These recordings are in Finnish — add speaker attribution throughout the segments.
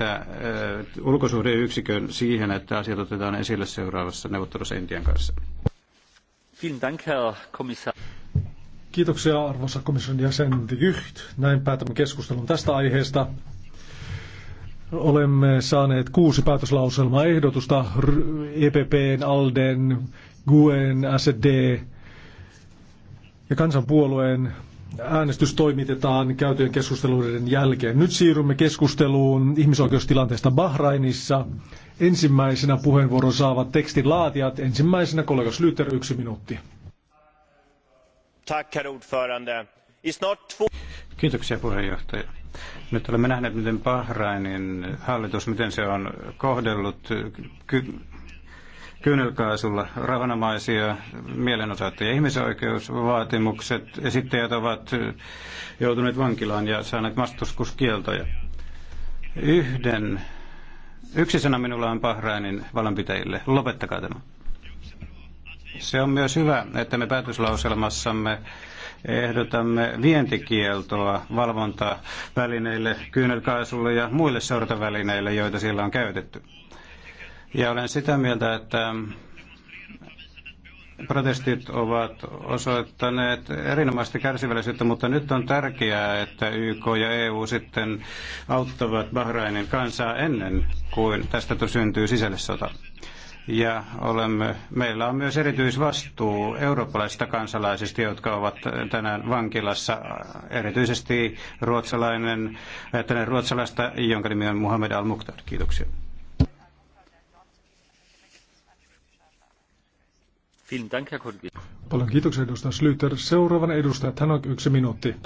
Speaker 1: että ulkosuhdeyksikön siihen, että asiat otetaan esille seuraavassa neuvottelussa Intian
Speaker 2: kanssa. Kiitoksia arvoisa
Speaker 3: komission jäsen de Gucht. Näin päätämme keskustelun tästä aiheesta. Olemme saaneet kuusi päätöslauselmaa ehdotusta EPPn, ALDEn, GUEn, SD ja kansanpuolueen Äänestys toimitetaan käytyjen keskusteluiden jälkeen. Nyt siirrymme keskusteluun ihmisoikeustilanteesta Bahrainissa. Ensimmäisenä puheenvuoron saavat tekstin laatijat. Ensimmäisenä kollega Slyter, yksi minuutti.
Speaker 1: Kiitoksia puheenjohtaja. Nyt olemme nähneet, miten Bahrainin hallitus, miten se on kohdellut kyynelkaasulla rauhanomaisia mielenosoittajia. Ihmisoikeusvaatimukset esittäjät ovat joutuneet vankilaan ja saaneet vastustuskieltoja. Yhden, yksi sana minulla on Bahrainin valonpitäjille. Lopettakaa tämä. Se on myös hyvä, että me päätöslauselmassamme ehdotamme vientikieltoa valvontavälineille, kyynelkaasulle ja muille sortavälineille, joita siellä on käytetty. Ja olen sitä mieltä, että protestit ovat osoittaneet erinomaista kärsivällisyyttä, mutta nyt on tärkeää, että YK ja EU sitten auttavat Bahrainin kansaa ennen kuin tästä syntyy sisällissota. Ja olemme, meillä on myös erityisvastuu eurooppalaisista kansalaisista, jotka ovat tänään vankilassa, erityisesti ruotsalainen, ruotsalaista, jonka nimi on Muhammed
Speaker 2: Al-Mukhtar. Kiitoksia.
Speaker 3: Paljon kiitoksia edustaja Slyter. Seuraavan edustaja Tanok, yksi minuutti.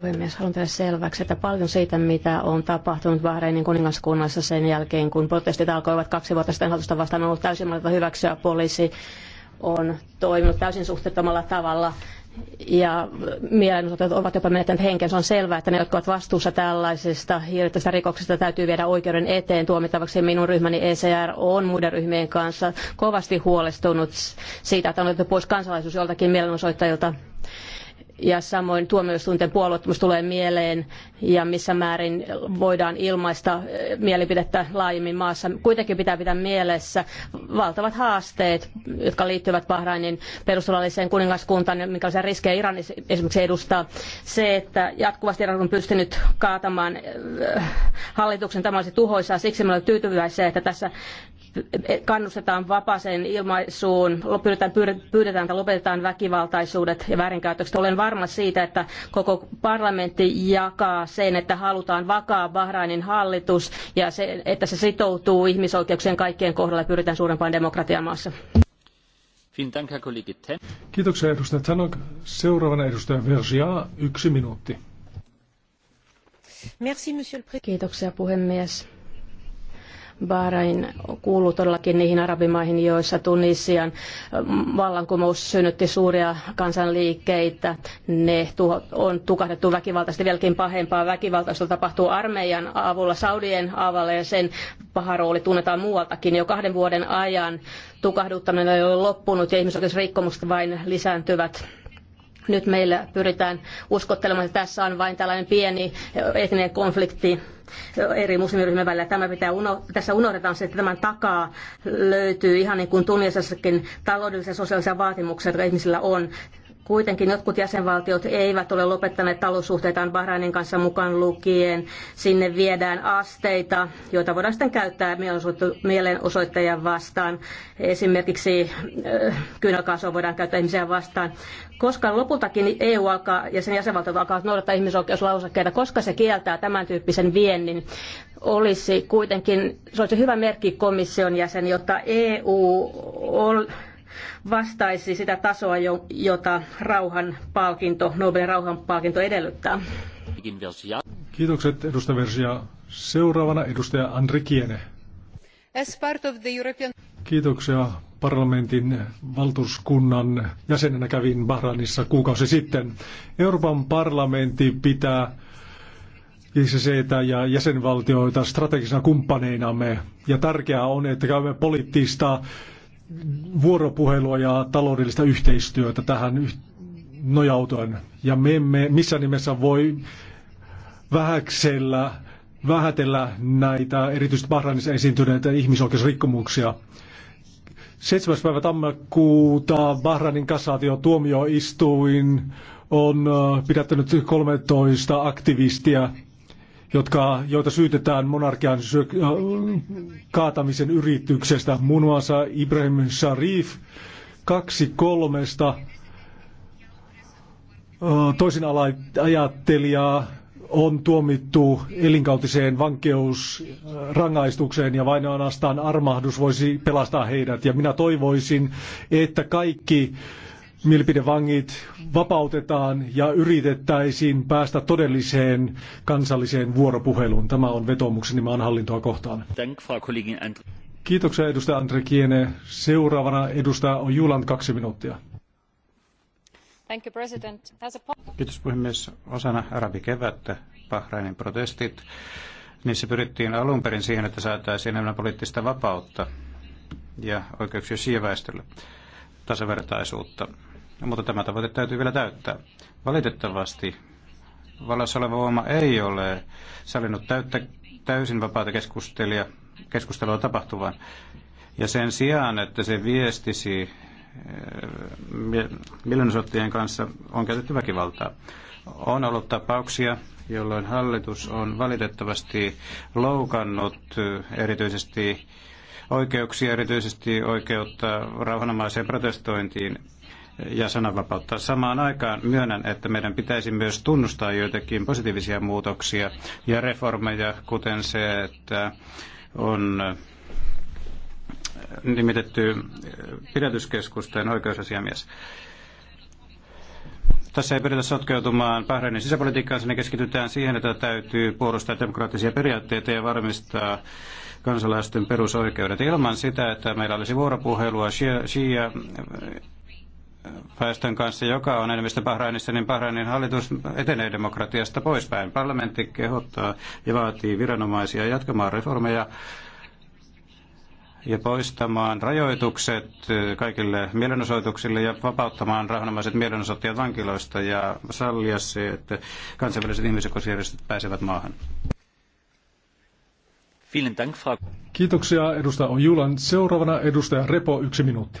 Speaker 4: Puhemies, haluan tehdä selväksi, että paljon siitä, mitä on tapahtunut Bahreinin kuningaskunnassa sen jälkeen, kun protestit alkoivat kaksi vuotta sitten hallitusta vastaan, on ollut täysin hyväksyä poliisi on toiminut täysin suhteettomalla tavalla ja mielenosoittajat ovat jopa menettäneet henkensä. On selvää, että ne, jotka ovat vastuussa tällaisista hirveistä rikoksista, täytyy viedä oikeuden eteen tuomittavaksi. Minun ryhmäni ECR on muiden ryhmien kanssa kovasti huolestunut siitä, että on otettu pois kansalaisuus joltakin mielenosoittajilta ja samoin tuomioistuinten puolueettomuus tulee mieleen ja missä määrin voidaan ilmaista eh, mielipidettä laajemmin maassa. Kuitenkin pitää pitää mielessä valtavat haasteet, jotka liittyvät Bahrainin perustuslailliseen kuningaskuntaan ja minkälaisia riskejä Iran esimerkiksi edustaa. Se, että jatkuvasti Iran on pystynyt kaatamaan eh, hallituksen, tämä olisi tuhoisaa. Siksi me olemme tyytyväisiä, että tässä kannustetaan vapaaseen ilmaisuun, pyydetään, pyydetään, että lopetetaan väkivaltaisuudet ja väärinkäytökset. Olen varma siitä, että koko parlamentti jakaa sen, että halutaan vakaa Bahrainin hallitus ja se, että se sitoutuu ihmisoikeuksien kaikkien kohdalla ja pyritään suurempaan demokratiaan maassa.
Speaker 3: Kiitoksia edustaja Tanok. Seuraavana edustaja Versia yksi minuutti.
Speaker 4: Kiitoksia puhemies Bahrain kuuluu todellakin niihin arabimaihin, joissa Tunisian vallankumous synnytti suuria kansanliikkeitä. Ne on tukahdettu väkivaltaisesti vieläkin pahempaa. Väkivaltaista tapahtuu armeijan avulla Saudien avalla ja sen paha rooli tunnetaan muualtakin jo kahden vuoden ajan. Tukahduttaminen ei ole loppunut ja ihmisoikeusrikkomukset vain lisääntyvät nyt meillä pyritään uskottelemaan, että tässä on vain tällainen pieni etninen konflikti eri muslimiryhmien välillä. Tämä pitää uno, tässä unohdetaan se, että tämän takaa löytyy ihan niin kuin tunnisessakin taloudellisia ja sosiaalisia vaatimuksia, jotka ihmisillä on. Kuitenkin jotkut jäsenvaltiot eivät ole lopettaneet taloussuhteitaan Bahrainin kanssa mukaan lukien. Sinne viedään asteita, joita voidaan sitten käyttää mielenosoittajia vastaan. Esimerkiksi äh, kyynäkaasua voidaan käyttää ihmisiä vastaan. Koska lopultakin EU alkaa ja sen jäsenvaltiot alkaa noudattaa ihmisoikeuslausakkeita, koska se kieltää tämän tyyppisen viennin, olisi kuitenkin, se olisi hyvä merkki komission jäsen, jotta EU on vastaisi sitä tasoa, jota rauhan palkinto, Nobelin rauhanpalkinto edellyttää.
Speaker 3: Kiitokset edustaja Versia. Seuraavana edustaja Andri Kiene. Kiitoksia parlamentin valtuuskunnan jäsenenä kävin Bahrainissa kuukausi sitten. Euroopan parlamentti pitää ICC ja jäsenvaltioita strategisina kumppaneinamme. Ja tärkeää on, että käymme poliittista vuoropuhelua ja taloudellista yhteistyötä tähän nojautuen. Ja me emme missään nimessä voi vähäksellä, vähätellä näitä erityisesti Bahrainissa esiintyneitä ihmisoikeusrikkomuksia. 7. päivä tammikuuta Bahrainin kasaatio tuomioistuin on pidättänyt 13 aktivistia jotka, joita syytetään monarkian syö, äh, kaatamisen yrityksestä. Muun muassa Ibrahim Sharif, kaksi kolmesta äh, toisin ajattelijaa on tuomittu elinkautiseen vankeusrangaistukseen ja vain ainoastaan armahdus voisi pelastaa heidät. Ja minä toivoisin, että kaikki mielipidevangit vapautetaan ja yritettäisiin päästä todelliseen kansalliseen vuoropuheluun. Tämä on vetomukseni maan hallintoa kohtaan. Kiitoksia edustaja Andre Kiene. Seuraavana edustaja on Juland kaksi minuuttia. Kiitos
Speaker 1: puhemies. Osana arabikevättä Bahrainin protestit. Niissä pyrittiin alun perin siihen, että saataisiin enemmän poliittista vapautta ja oikeuksia siiväestölle tasavertaisuutta. No, mutta tämä tavoite täytyy vielä täyttää. Valitettavasti vallassa oleva voima ei ole sallinut täyttä, täysin vapaata keskustelua, keskustelua tapahtuvan. Ja sen sijaan, että se viestisi eh, mielenosoittajien kanssa on käytetty väkivaltaa. On ollut tapauksia, jolloin hallitus on valitettavasti loukannut eh, erityisesti oikeuksia, erityisesti oikeutta rauhanomaiseen protestointiin ja sananvapautta. Samaan aikaan myönnän, että meidän pitäisi myös tunnustaa joitakin positiivisia muutoksia ja reformeja, kuten se, että on nimitetty pidätyskeskusten oikeusasiamies. Tässä ei pyritä sotkeutumaan Bahrainin sisäpolitiikkaan, sinne keskitytään siihen, että täytyy puolustaa demokraattisia periaatteita ja varmistaa kansalaisten perusoikeudet. Ilman sitä, että meillä olisi vuoropuhelua shia, väestön kanssa, joka on enemmistö Bahrainissa, niin Bahrainin hallitus etenee demokratiasta poispäin. Parlamentti kehottaa ja vaatii viranomaisia jatkamaan reformeja ja poistamaan rajoitukset kaikille mielenosoituksille ja vapauttamaan rahanomaiset mielenosoittajat vankiloista ja sallia se, että kansainväliset ihmisoikeusjärjestöt pääsevät maahan.
Speaker 3: Kiitoksia edustaja Ojulan. Seuraavana edustaja Repo, yksi minuutti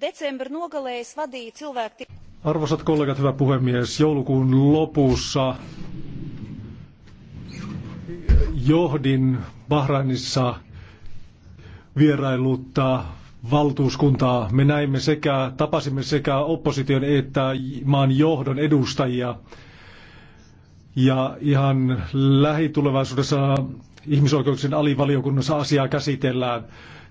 Speaker 5: decembra nogalē
Speaker 3: Arvoisat kollegat, hyvä puhemies, joulukuun lopussa johdin Bahrainissa vierailutta valtuuskuntaa. Me näimme sekä, tapasimme sekä opposition että maan johdon edustajia. Ja ihan lähitulevaisuudessa ihmisoikeuksien alivaliokunnassa asiaa käsitellään.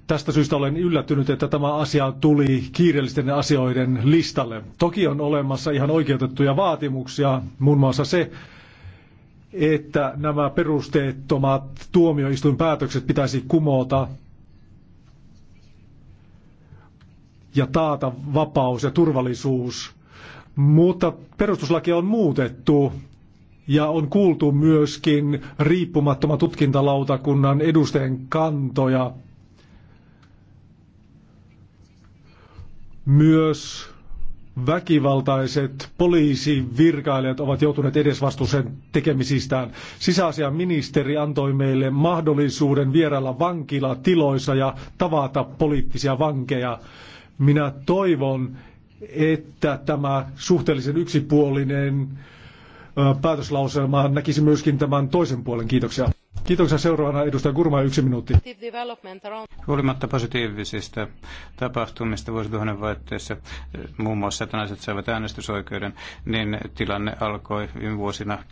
Speaker 3: Tästä syystä olen yllättynyt, että tämä asia tuli kiireellisten asioiden listalle. Toki on olemassa ihan oikeutettuja vaatimuksia, muun muassa se, että nämä perusteettomat tuomioistuinpäätökset pitäisi kumota ja taata vapaus ja turvallisuus. Mutta perustuslaki on muutettu ja on kuultu myöskin riippumattoman tutkintalautakunnan edustajien kantoja Myös väkivaltaiset poliisivirkailijat ovat joutuneet edesvastuuseen tekemisistään. ministeri antoi meille mahdollisuuden vierailla vankilatiloissa ja tavata poliittisia vankeja. Minä toivon, että tämä suhteellisen yksipuolinen päätöslauselma näkisi myöskin tämän toisen puolen. Kiitoksia. Kiitoksia seuraavana edustaja yksi minuutti.
Speaker 1: Huolimatta positiivisista tapahtumista vuosituhannen vaihteessa, muun muassa että naiset saivat äänestysoikeuden, niin tilanne alkoi viime vuosina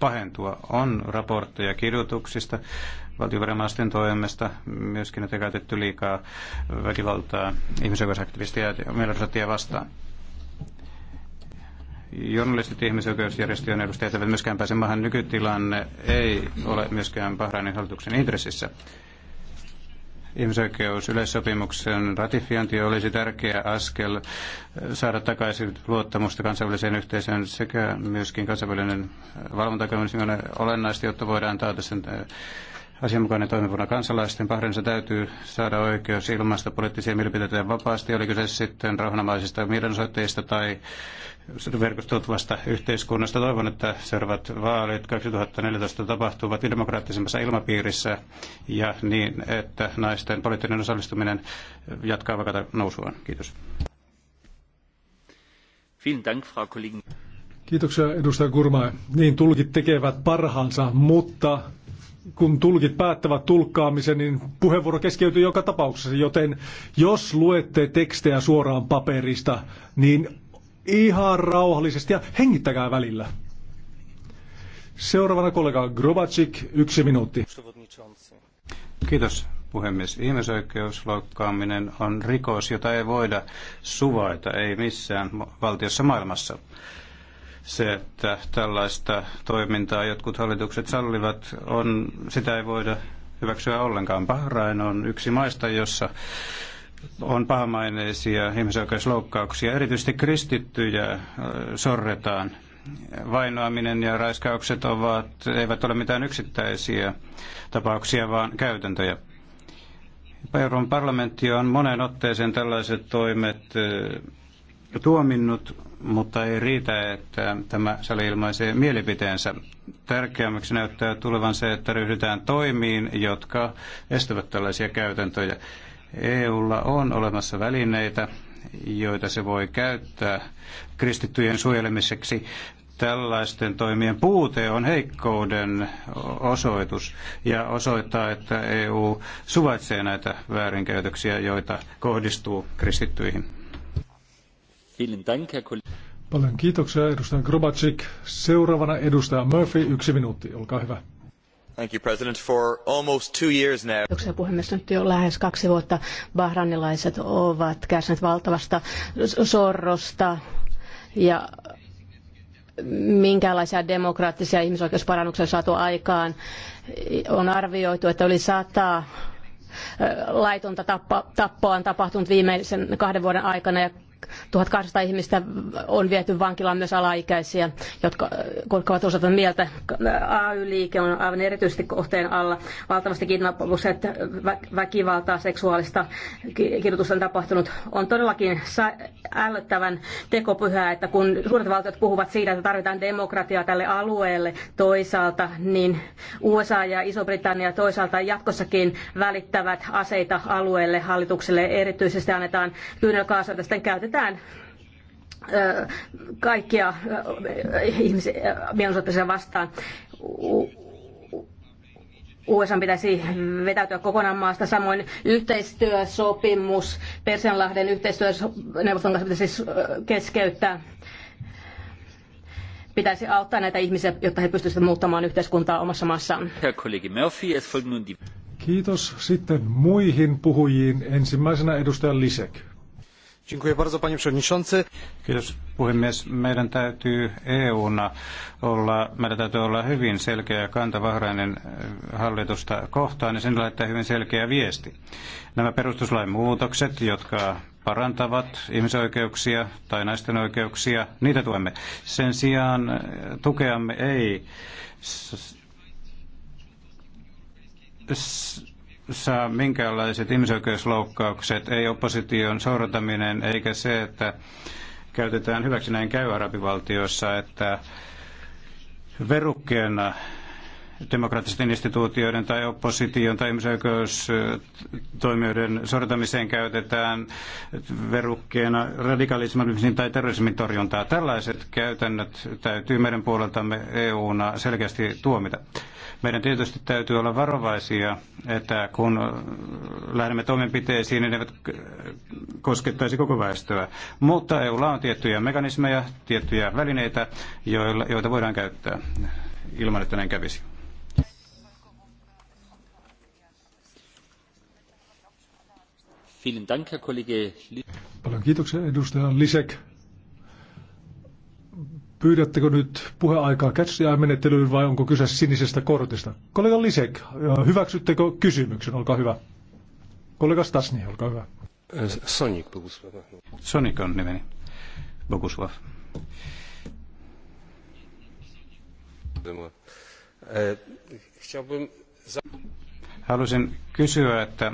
Speaker 1: pahentua. On raportteja kirjoituksista, valtiovarainministerin toimesta, myöskin, että käytetty liikaa väkivaltaa ihmisoikeusaktivistia ja mielenosoittajia vastaan. Journalistit ihmisoikeusjärjestöjen edustajat eivät myöskään pääse maahan. Nykytilanne ei ole myöskään Bahrainin hallituksen intressissä. Ihmisoikeusyleissopimuksen ratifiointi olisi tärkeä askel saada takaisin luottamusta kansainväliseen yhteisöön sekä myöskin kansainvälinen on olennaisesti, jotta voidaan taata sen asianmukainen toimivuonna kansalaisten. Bahrainissa täytyy saada oikeus ilmaista poliittisia mielipiteitä vapaasti, oli kyse sitten rauhanomaisista mielenosoitteista tai verkostoutuvasta yhteiskunnasta. Toivon, että seuraavat vaalit 2014 tapahtuvat demokraattisemmassa ilmapiirissä ja niin, että naisten poliittinen osallistuminen jatkaa vakata nousuaan. Kiitos.
Speaker 3: Kiitoksia edustaja Kurma. Niin tulkit tekevät parhaansa, mutta kun tulkit päättävät tulkkaamisen, niin puheenvuoro keskeytyy joka tapauksessa, joten jos luette tekstejä suoraan paperista, niin ihan rauhallisesti ja hengittäkää välillä. Seuraavana kollega Grobacik, yksi minuutti. Kiitos puhemies.
Speaker 1: Ihmisoikeusloukkaaminen on rikos, jota ei voida suvaita, ei missään valtiossa maailmassa se, että tällaista toimintaa jotkut hallitukset sallivat, on, sitä ei voida hyväksyä ollenkaan. Bahrain on yksi maista, jossa on pahamaineisia ihmisoikeusloukkauksia. Erityisesti kristittyjä sorretaan. Vainoaminen ja raiskaukset ovat, eivät ole mitään yksittäisiä tapauksia, vaan käytäntöjä. Euroopan parlamentti on moneen otteeseen tällaiset toimet tuominnut mutta ei riitä, että tämä sali ilmaisee mielipiteensä. Tärkeämmäksi näyttää tulevan se, että ryhdytään toimiin, jotka estävät tällaisia käytäntöjä. EUlla on olemassa välineitä, joita se voi käyttää kristittyjen suojelemiseksi. Tällaisten toimien puute on heikkouden osoitus ja osoittaa, että EU suvaitsee näitä väärinkäytöksiä, joita kohdistuu kristittyihin.
Speaker 3: Paljon kiitoksia edustaja Grobacik. Seuraavana edustaja Murphy, yksi minuutti,
Speaker 4: olkaa hyvä. Thank you, President. For almost two years now. Kiitoksia puhemies. Nyt jo lähes kaksi vuotta bahranilaiset ovat kärsineet valtavasta sorrosta ja minkälaisia demokraattisia ihmisoikeusparannuksia on saatu aikaan. On arvioitu, että yli sata laitonta tappa, tappoa on tapahtunut viimeisen kahden vuoden aikana ja 1800 ihmistä on viety vankilaan myös alaikäisiä, jotka, jotka ovat osata mieltä. AY-liike on aivan erityisesti kohteen alla. Valtavasti kidnappukset, väkivaltaa, seksuaalista kidutusta on tapahtunut. On todellakin ällöttävän tekopyhää, että kun suuret valtiot puhuvat siitä, että tarvitaan demokratiaa tälle alueelle toisaalta, niin USA ja Iso-Britannia toisaalta jatkossakin välittävät aseita alueelle hallitukselle. Erityisesti annetaan kyynelkaasua, tästä käytetään hyödynnetään kaikkia ihmisiä vastaan. USA pitäisi vetäytyä kokonaan maasta. Samoin yhteistyösopimus Persianlahden yhteistyöneuvoston kanssa pitäisi keskeyttää. Pitäisi auttaa näitä ihmisiä, jotta he pystyisivät muuttamaan yhteiskuntaa omassa maassaan.
Speaker 3: Kiitos. Sitten muihin puhujiin. Ensimmäisenä edustaja Lisek.
Speaker 1: Kiitos puhemies. Meidän täytyy EUna olla, meidän täytyy olla hyvin selkeä ja Bahrainin äh, hallitusta kohtaan ja sen lähettää hyvin selkeä viesti. Nämä perustuslain muutokset, jotka parantavat ihmisoikeuksia tai naisten oikeuksia, niitä tuemme. Sen sijaan äh, tukeamme ei saa minkäänlaiset ihmisoikeusloukkaukset, ei opposition sortaminen eikä se, että käytetään hyväksi näin käy arabivaltioissa, että verukkeena demokraattisten instituutioiden tai opposition tai ihmisoikeustoimijoiden sortamiseen käytetään verukkeena radikalismin tai terrorismin torjuntaa. Tällaiset käytännöt täytyy meidän puoleltamme EU-na selkeästi tuomita. Meidän tietysti täytyy olla varovaisia, että kun lähdemme toimenpiteisiin, niin ne eivät koskettaisi koko väestöä. Mutta EUlla on tiettyjä mekanismeja, tiettyjä välineitä, joita voidaan käyttää ilman, että näin kävisi.
Speaker 3: Paljon kiitoksia edustaja Lisek. Pyydättekö nyt puheaikaa kätsiään menettelyyn vai onko kyse sinisestä kortista? Kollega Lisek, hyväksyttekö kysymyksen? Olkaa hyvä. Kollega Stasni, olkaa hyvä.
Speaker 1: Sonic Bogusław. on nimeni. Bogusław. E, Haluaisin kysyä, että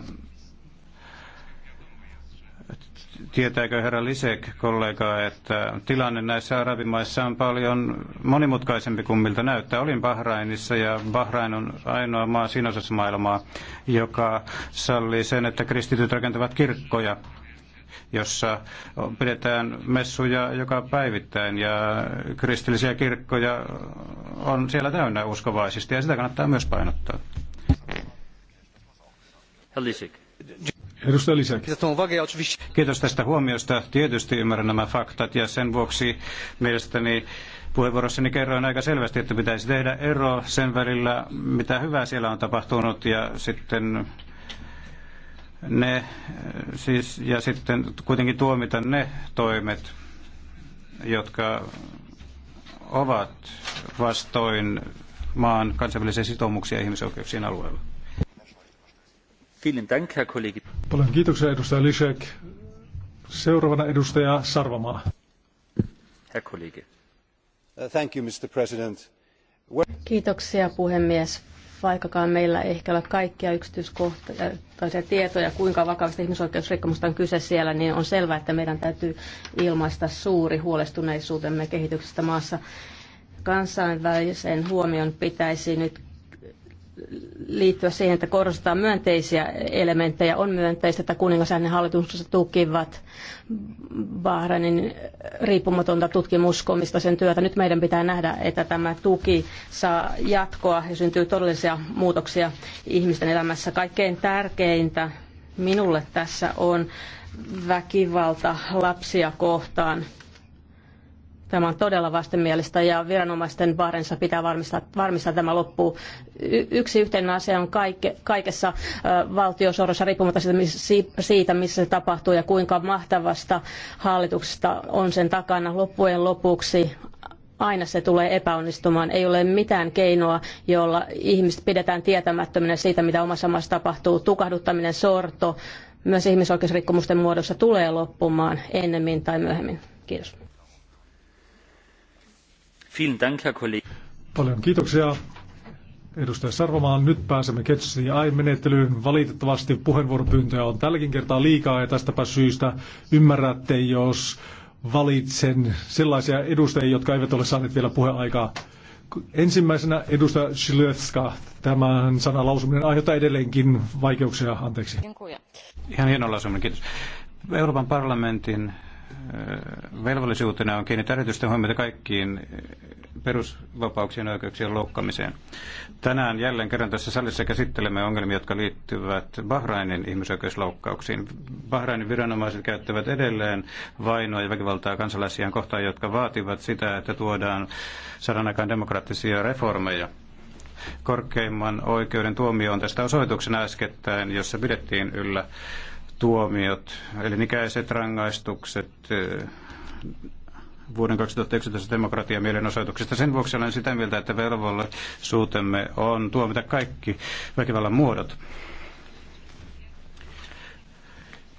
Speaker 1: Tietääkö herra Lisek, kollega, että tilanne näissä arabimaissa on paljon monimutkaisempi kuin miltä näyttää? Olin Bahrainissa ja Bahrain on ainoa maa siinä osassa maailmaa, joka sallii sen, että kristityt rakentavat kirkkoja jossa pidetään messuja joka päivittäin ja kristillisiä kirkkoja on siellä täynnä uskovaisista ja sitä kannattaa myös painottaa. Herr Lisek. Edustaja Lisek. Kiitos tästä huomiosta. Tietysti ymmärrän nämä faktat ja sen vuoksi mielestäni puheenvuorossani kerroin aika selvästi, että pitäisi tehdä ero sen välillä, mitä hyvää siellä on tapahtunut ja sitten ne, siis, ja sitten kuitenkin tuomita ne toimet, jotka ovat vastoin maan kansainvälisiä sitoumuksia ihmisoikeuksien alueella.
Speaker 3: Paljon kiitoksia edustaja Lisek. Seuraavana edustaja Sarvamaa.
Speaker 2: Herr Kollege. Uh, thank you, Mr. President.
Speaker 4: Kiitoksia puhemies. Vaikkakaan meillä ei ehkä ole kaikkia yksityiskohtaisia tietoja, kuinka vakavista ihmisoikeusrikkomusta on kyse siellä, niin on selvää, että meidän täytyy ilmaista suuri huolestuneisuutemme kehityksestä maassa. Kansainvälisen huomion pitäisi nyt liittyä siihen, että korostetaan myönteisiä elementtejä. On myönteistä, että kuningas hänen hallituksessa tukivat Bahrainin riippumatonta tutkimuskomista sen työtä. Nyt meidän pitää nähdä, että tämä tuki saa jatkoa ja syntyy todellisia muutoksia ihmisten elämässä. Kaikkein tärkeintä minulle tässä on väkivalta lapsia kohtaan Tämä on todella vastenmielistä ja viranomaisten vaarensa pitää varmistaa, varmistaa tämä loppuu. Y- yksi yhteinen asia on kaikke, kaikessa äh, valtiosorossa riippumatta siitä, siitä, missä se tapahtuu ja kuinka mahtavasta hallituksesta on sen takana loppujen lopuksi aina se tulee epäonnistumaan. Ei ole mitään keinoa, jolla ihmiset pidetään tietämättöminen siitä, mitä omassa maassa tapahtuu. Tukahduttaminen, sorto, myös ihmisoikeusrikkomusten muodossa tulee loppumaan ennemmin tai myöhemmin. Kiitos.
Speaker 2: Paljon kiitoksia.
Speaker 3: Edustaja Sarvomaan, nyt pääsemme Ketsi AI-menettelyyn. Valitettavasti puheenvuoropyyntöjä on tälläkin kertaa liikaa ja tästäpä syystä ymmärrätte, jos valitsen sellaisia edustajia, jotka eivät ole saaneet vielä puheaikaa. Ensimmäisenä edustaja Shilevska. Tämän sanan lausuminen aiheuttaa edelleenkin vaikeuksia. Anteeksi.
Speaker 1: Ihan hieno lausuminen, kiitos. Euroopan parlamentin velvollisuutena on kiinnittää erityistä huomiota kaikkiin perusvapauksien ja oikeuksien loukkaamiseen. Tänään jälleen kerran tässä salissa käsittelemme ongelmia, jotka liittyvät Bahrainin ihmisoikeusloukkauksiin. Bahrainin viranomaiset käyttävät edelleen vainoa ja väkivaltaa kansalaisiaan kohtaan, jotka vaativat sitä, että tuodaan sadan aikaan demokraattisia reformeja. Korkeimman oikeuden tuomio on tästä osoituksena äskettäin, jossa pidettiin yllä tuomiot, eli elinikäiset rangaistukset vuoden 2019 demokratian mielenosoituksesta. Sen vuoksi olen sitä mieltä, että velvollisuutemme on tuomita kaikki väkivallan muodot.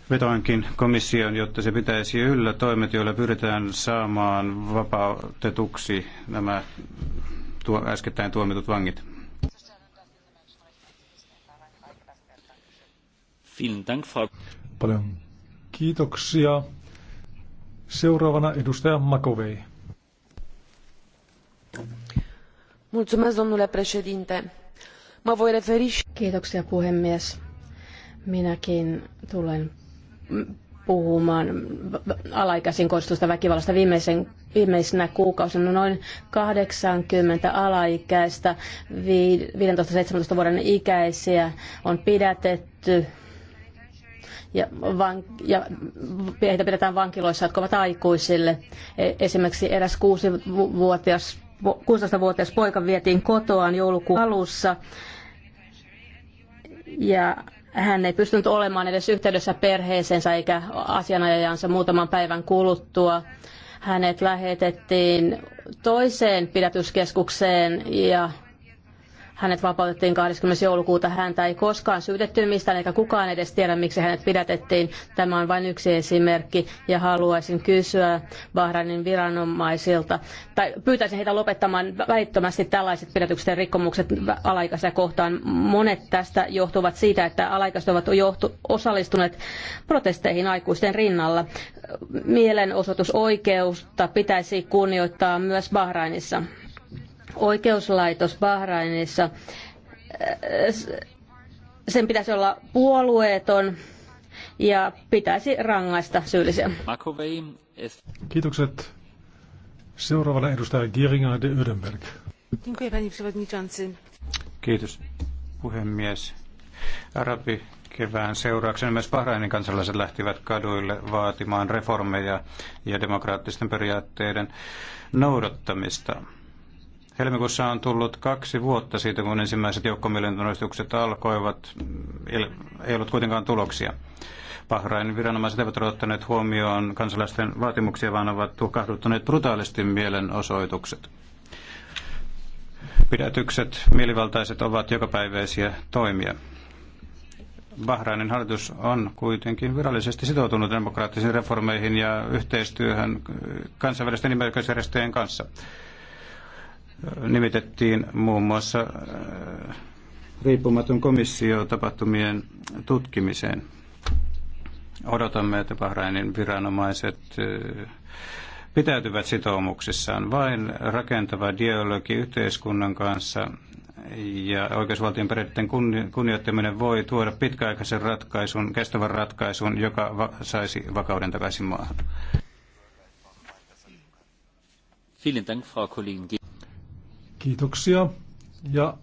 Speaker 1: Vetoankin komission, jotta se pitäisi yllä toimet, joilla pyritään saamaan vapautetuksi nämä tuo, äskettäin tuomitut vangit.
Speaker 3: Paljon kiitoksia. Seuraavana edustaja Makovei.
Speaker 4: Mulțumesc, domnule președinte. Mă voi referi Kiitoksia, puhemies. Minäkin tulen puhumaan alaikäisiin kohdistusta väkivallasta viimeisen, viimeisenä kuukausina noin 80 alaikäistä, 15-17 vuoden ikäisiä on pidätetty ja, van, ja heitä pidetään vankiloissa, jotka ovat aikuisille. E, esimerkiksi eräs 6-vuotias 16-vuotias poika vietiin kotoaan joulukuun alussa ja hän ei pystynyt olemaan edes yhteydessä perheeseensä eikä asianajajansa muutaman päivän kuluttua. Hänet lähetettiin toiseen pidätyskeskukseen ja hänet vapautettiin 20. joulukuuta. Häntä ei koskaan syytetty mistään, eikä kukaan edes tiedä, miksi hänet pidätettiin. Tämä on vain yksi esimerkki, ja haluaisin kysyä Bahrainin viranomaisilta, tai pyytäisin heitä lopettamaan välittömästi tällaiset pidätykset ja rikkomukset alaikäisiä kohtaan. Monet tästä johtuvat siitä, että alaikäiset ovat johtu, osallistuneet protesteihin aikuisten rinnalla. Mielenosoitusoikeutta pitäisi kunnioittaa myös Bahrainissa oikeuslaitos Bahrainissa, sen pitäisi olla puolueeton ja pitäisi rangaista syyllisiä.
Speaker 3: Kiitokset. Seuraavana edustaja Giringa de Ödenberg.
Speaker 1: Kiitos puhemies. Arabi kevään seurauksena myös Bahrainin kansalaiset lähtivät kaduille vaatimaan reformeja ja demokraattisten periaatteiden noudattamista. Helmikuussa on tullut kaksi vuotta siitä, kun ensimmäiset joukkomielenosoitukset alkoivat. Ei ollut kuitenkaan tuloksia. Pahrain viranomaiset eivät ole ottaneet huomioon kansalaisten vaatimuksia, vaan ovat tukahduttaneet brutaalisti mielenosoitukset. Pidätykset, mielivaltaiset ovat jokapäiväisiä toimia. Bahrainin hallitus on kuitenkin virallisesti sitoutunut demokraattisiin reformeihin ja yhteistyöhön kansainvälisten nimeyköisjärjestöjen kanssa nimitettiin muun muassa äh, riippumaton komissio tapahtumien tutkimiseen. Odotamme, että Bahrainin viranomaiset äh, pitäytyvät sitoumuksissaan. Vain rakentava dialogi yhteiskunnan kanssa ja oikeusvaltion periaatteen kunnioittaminen voi tuoda pitkäaikaisen ratkaisun, kestävän ratkaisun, joka va- saisi vakauden takaisin maahan.
Speaker 2: Vielen Dank, Frau Kollegin.
Speaker 3: Kiitoksia. Ja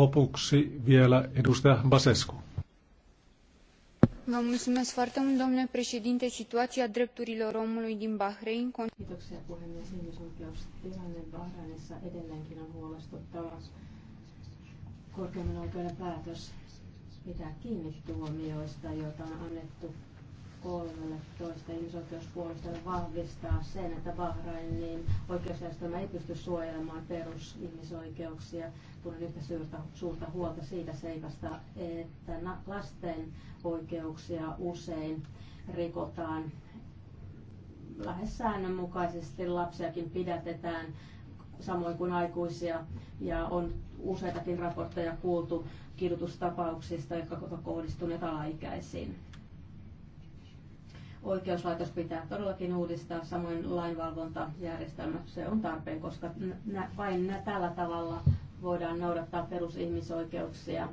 Speaker 3: lopuksi vielä edustaja Basescu.
Speaker 5: Vă mulțumesc foarte mult, domnule președinte. Situația drepturilor omului din Bahrein... Kiitoksia
Speaker 4: puhemies. Ihmisoikeustilanne Bahreinissa edelleenkin on huolestuttava. Korkeimman oikeuden päätös pitää kiinni tuomioista, joita on annettu 13 ihmisoikeuspuolustajalle vahvistaa sen, että Bahrainin oikeusjärjestelmä ei pysty suojelemaan perusihmisoikeuksia, kun yhtä suurta, suurta huolta siitä seikasta, että lasten oikeuksia usein rikotaan lähes säännönmukaisesti, lapsiakin pidätetään samoin kuin aikuisia ja on useitakin raportteja kuultu kidutustapauksista, jotka ovat kohdistuneet alaikäisiin. Oikeuslaitos pitää todellakin uudistaa, samoin lainvalvontajärjestelmä. Se on tarpeen, koska vain tällä tavalla voidaan noudattaa perusihmisoikeuksia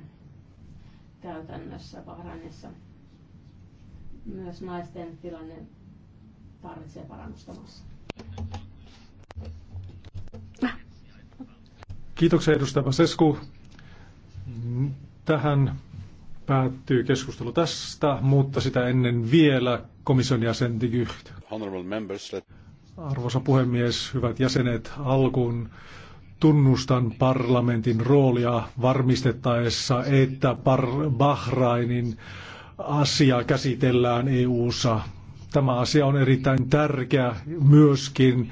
Speaker 4: käytännössä Bahrainissa. Myös naisten tilanne tarvitsee parannusta maassa.
Speaker 3: Kiitoksia edustaja Pasesku. Tähän päättyy keskustelu tästä, mutta sitä ennen vielä komission jäsen Digyht. Arvoisa puhemies, hyvät jäsenet, alkuun tunnustan parlamentin roolia varmistettaessa, että Bahrainin asia käsitellään EU:ssa. Tämä asia on erittäin tärkeä myöskin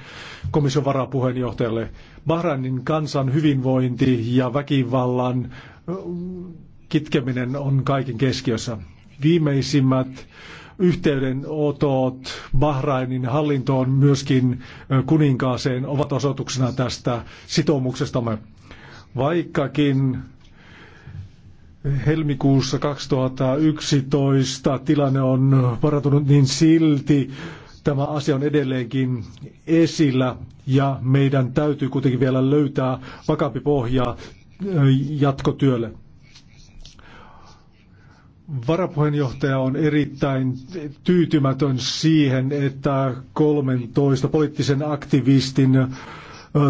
Speaker 3: komission varapuheenjohtajalle. Bahrainin kansan hyvinvointi ja väkivallan kitkeminen on kaiken keskiössä. Viimeisimmät yhteydenotot Bahrainin hallintoon myöskin kuninkaaseen ovat osoituksena tästä sitoumuksestamme. Vaikkakin helmikuussa 2011 tilanne on parantunut, niin silti tämä asia on edelleenkin esillä ja meidän täytyy kuitenkin vielä löytää vakaampi pohja jatkotyölle. Varapuheenjohtaja on erittäin tyytymätön siihen, että 13 poliittisen aktivistin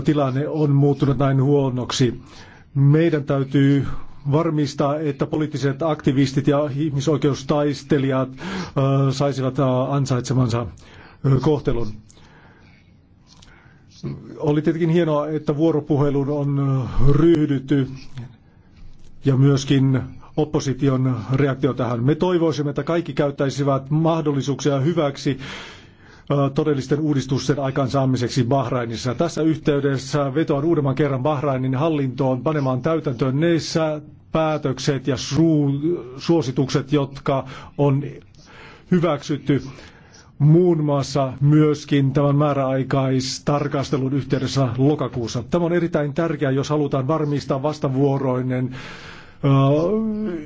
Speaker 3: tilanne on muuttunut näin huonoksi. Meidän täytyy varmistaa, että poliittiset aktivistit ja ihmisoikeustaistelijat saisivat ansaitsemansa kohtelun. Oli tietenkin hienoa, että vuoropuheluun on ryhdytty ja myöskin opposition reaktio tähän. Me toivoisimme, että kaikki käyttäisivät mahdollisuuksia hyväksi todellisten uudistusten aikaansaamiseksi Bahrainissa. Tässä yhteydessä vetoan uudemman kerran Bahrainin hallintoon panemaan täytäntöön neissä päätökset ja suositukset, jotka on hyväksytty muun muassa myöskin tämän määräaikaistarkastelun yhteydessä lokakuussa. Tämä on erittäin tärkeää, jos halutaan varmistaa vastavuoroinen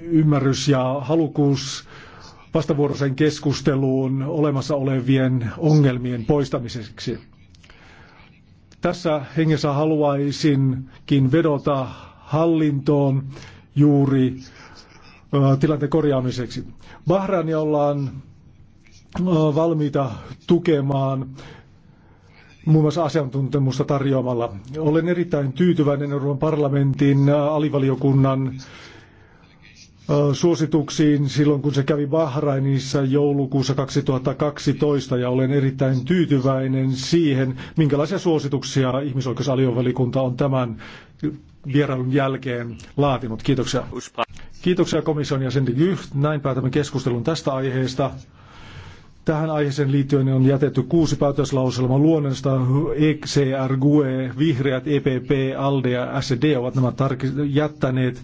Speaker 3: ymmärrys ja halukkuus vastavuoroisen keskusteluun olemassa olevien ongelmien poistamiseksi. Tässä hengessä haluaisinkin vedota hallintoon juuri tilanteen korjaamiseksi. Bahrainia ollaan valmiita tukemaan muun muassa asiantuntemusta tarjoamalla. Olen erittäin tyytyväinen Euroopan parlamentin alivaliokunnan suosituksiin silloin, kun se kävi Bahrainissa joulukuussa 2012 ja olen erittäin tyytyväinen siihen, minkälaisia suosituksia ihmisoikeusaliovalikunta on tämän vierailun jälkeen laatinut. Kiitoksia. Kiitoksia komission jäsen Näin päätämme keskustelun tästä aiheesta. Tähän aiheeseen liittyen on jätetty kuusi päätöslauselmaa luonnosta. ECR, GUE, Vihreät, EPP, ALDE ja SD ovat nämä jättäneet.